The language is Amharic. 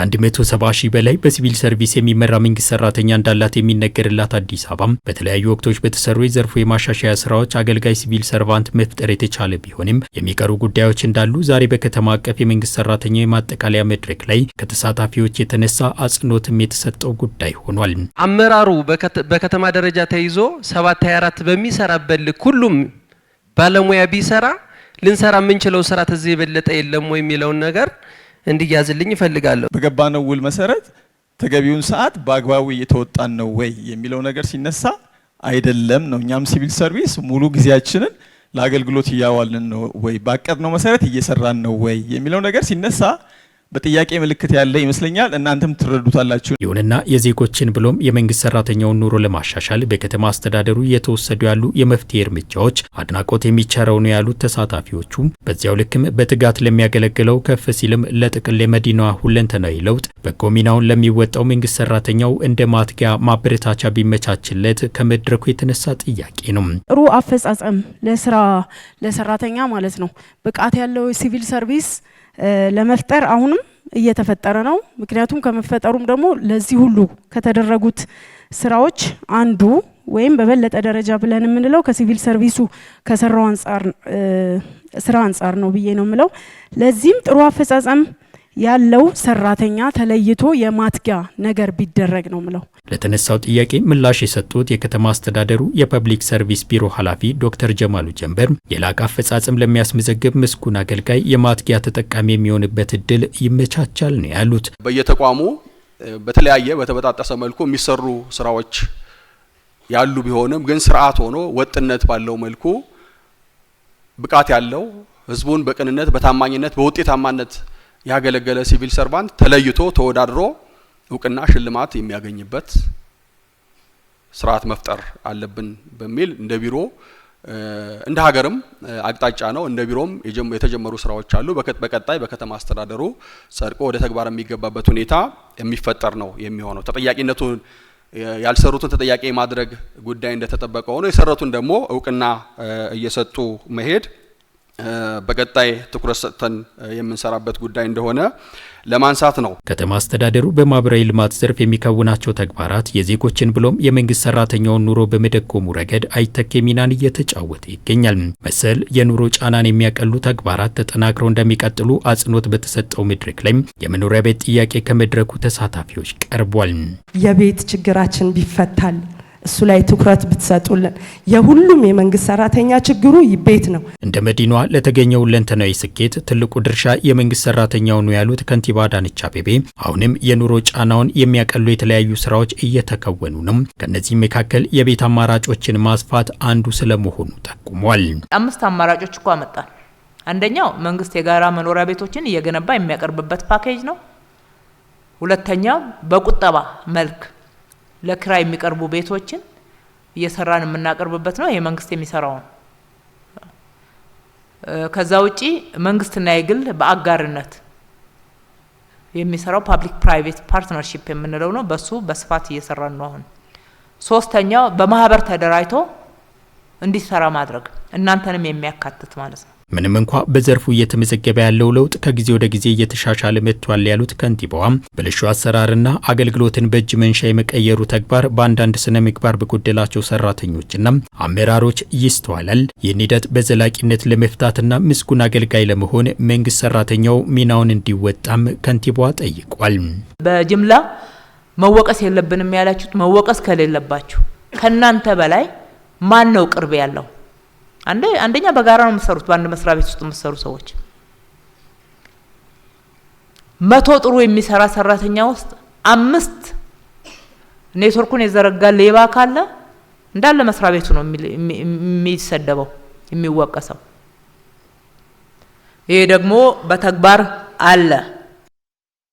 ከ170 ሺህ በላይ በሲቪል ሰርቪስ የሚመራ መንግስት ሰራተኛ እንዳላት የሚነገርላት አዲስ አበባም በተለያዩ ወቅቶች በተሰሩ የዘርፉ የማሻሻያ ስራዎች አገልጋይ ሲቪል ሰርቫንት መፍጠር የተቻለ ቢሆንም የሚቀሩ ጉዳዮች እንዳሉ ዛሬ በከተማ አቀፍ የመንግስት ሰራተኛ የማጠቃለያ መድረክ ላይ ከተሳታፊዎች የተነሳ አጽንኦትም የተሰጠው ጉዳይ ሆኗል። አመራሩ በከተማ ደረጃ ተይዞ 724 በሚሰራበት ልክ ሁሉም ባለሙያ ቢሰራ ልንሰራ የምንችለው ስራ ተዚህ የበለጠ የለም ወይ የሚለውን ነገር እንዲያዝልኝ እፈልጋለሁ። በገባነው ውል መሰረት ተገቢውን ሰዓት በአግባቡ እየተወጣን ነው ወይ የሚለው ነገር ሲነሳ አይደለም ነው። እኛም ሲቪል ሰርቪስ ሙሉ ጊዜያችንን ለአገልግሎት እያዋልን ነው ወይ፣ ባቀድነው መሰረት እየሰራን ነው ወይ የሚለው ነገር ሲነሳ በጥያቄ ምልክት ያለ ይመስለኛል። እናንተም ትረዱታላችሁ። ይሁንና የዜጎችን ብሎም የመንግስት ሰራተኛውን ኑሮ ለማሻሻል በከተማ አስተዳደሩ እየተወሰዱ ያሉ የመፍትሄ እርምጃዎች አድናቆት የሚቸረው ነው ያሉት ተሳታፊዎቹም በዚያው ልክም በትጋት ለሚያገለግለው ከፍ ሲልም ለጥቅል የመዲናዋ ሁለንተናዊ ለውጥ በጎ ሚናውን ለሚወጣው መንግስት ሰራተኛው እንደ ማትጊያ ማበረታቻ ቢመቻችለት ከመድረኩ የተነሳ ጥያቄ ነው። ጥሩ አፈጻጸም ለስራ ለሰራተኛ ማለት ነው ብቃት ያለው ሲቪል ሰርቪስ ለመፍጠር አሁንም እየተፈጠረ ነው። ምክንያቱም ከመፈጠሩም ደግሞ ለዚህ ሁሉ ከተደረጉት ስራዎች አንዱ ወይም በበለጠ ደረጃ ብለን የምንለው ከሲቪል ሰርቪሱ ከሰራው አንጻር ስራ አንጻር ነው ብዬ ነው የምለው። ለዚህም ጥሩ አፈጻጸም ያለው ሰራተኛ ተለይቶ የማትጊያ ነገር ቢደረግ ነው ምለው። ለተነሳው ጥያቄ ምላሽ የሰጡት የከተማ አስተዳደሩ የፐብሊክ ሰርቪስ ቢሮ ኃላፊ ዶክተር ጀማሉ ጀንበር የላቀ አፈጻጸም ለሚያስመዘግብ ምስጉን አገልጋይ የማትጊያ ተጠቃሚ የሚሆንበት እድል ይመቻቻል ነው ያሉት። በየተቋሙ በተለያየ በተበጣጠሰ መልኩ የሚሰሩ ስራዎች ያሉ ቢሆንም ግን ስርዓት ሆኖ ወጥነት ባለው መልኩ ብቃት ያለው ህዝቡን በቅንነት በታማኝነት በውጤታማነት ያገለገለ ሲቪል ሰርቫንት ተለይቶ ተወዳድሮ እውቅና ሽልማት የሚያገኝበት ስርዓት መፍጠር አለብን በሚል እንደ ቢሮ እንደ ሀገርም አቅጣጫ ነው። እንደ ቢሮም የተጀመሩ ስራዎች አሉ። በቀጣይ በከተማ አስተዳደሩ ጸድቆ ወደ ተግባር የሚገባበት ሁኔታ የሚፈጠር ነው የሚሆነው። ተጠያቂነቱን ያልሰሩትን ተጠያቂ የማድረግ ጉዳይ እንደተጠበቀ ሆኖ የሰረቱን ደግሞ እውቅና እየሰጡ መሄድ በቀጣይ ትኩረት ሰጥተን የምንሰራበት ጉዳይ እንደሆነ ለማንሳት ነው። ከተማ አስተዳደሩ በማህበራዊ ልማት ዘርፍ የሚከውናቸው ተግባራት የዜጎችን ብሎም የመንግስት ሰራተኛውን ኑሮ በመደጎሙ ረገድ አይተኬ ሚናን እየተጫወተ ይገኛል። መሰል የኑሮ ጫናን የሚያቀሉ ተግባራት ተጠናክረው እንደሚቀጥሉ አጽንኦት በተሰጠው መድረክ ላይ የመኖሪያ ቤት ጥያቄ ከመድረኩ ተሳታፊዎች ቀርቧል። የቤት ችግራችን ቢፈታል እሱ ላይ ትኩረት ብትሰጡልን። የሁሉም የመንግስት ሰራተኛ ችግሩ ቤት ነው። እንደ መዲኗ ለተገኘው ለንተናዊ ስኬት ትልቁ ድርሻ የመንግስት ሰራተኛው ነው ያሉት ከንቲባ አዳነች አቤቤ አሁንም የኑሮ ጫናውን የሚያቀሉ የተለያዩ ስራዎች እየተከወኑ ነው። ከእነዚህም መካከል የቤት አማራጮችን ማስፋት አንዱ ስለመሆኑ ጠቁሟል። አምስት አማራጮች እኮ አመጣል። አንደኛው መንግስት የጋራ መኖሪያ ቤቶችን እየገነባ የሚያቀርብበት ፓኬጅ ነው። ሁለተኛው በቁጠባ መልክ ለክራ የሚቀርቡ ቤቶችን እየሰራን የምናቀርብበት ነው። ይሄ መንግስት የሚሰራው ነው። ከዛ ውጪ መንግስትና የግል በአጋርነት የሚሰራው ፓብሊክ ፕራይቬት ፓርትነርሺፕ የምንለው ነው። በሱ በስፋት እየሰራን ነው። አሁን ሶስተኛው በማህበር ተደራጅቶ እንዲሰራ ማድረግ እናንተንም የሚያካትት ማለት ነው። ምንም እንኳ በዘርፉ እየተመዘገበ ያለው ለውጥ ከጊዜ ወደ ጊዜ እየተሻሻለ መጥቷል ያሉት ከንቲባዋም ብልሹ አሰራርና አገልግሎትን በእጅ መንሻ የመቀየሩ ተግባር በአንዳንድ ስነ ምግባር በጎደላቸው ሰራተኞችና አመራሮች ይስተዋላል። ይህን ሂደት በዘላቂነት ለመፍታትና ምስጉን አገልጋይ ለመሆን መንግስት ሰራተኛው ሚናውን እንዲወጣም ከንቲባዋ ጠይቋል። በጅምላ መወቀስ የለብንም ያላችሁት መወቀስ ከሌለባችሁ ከእናንተ በላይ ማን ነው ቅርብ ያለው? አንደኛ በጋራ ነው የምትሰሩት። በአንድ መስሪያ ቤት ውስጥ የምትሰሩ ሰዎች መቶ ጥሩ የሚሰራ ሰራተኛ ውስጥ አምስት ኔትወርኩን የዘረጋ ሌባ ካለ እንዳለ መስሪያ ቤቱ ነው የሚሰደበው የሚወቀሰው። ይሄ ደግሞ በተግባር አለ።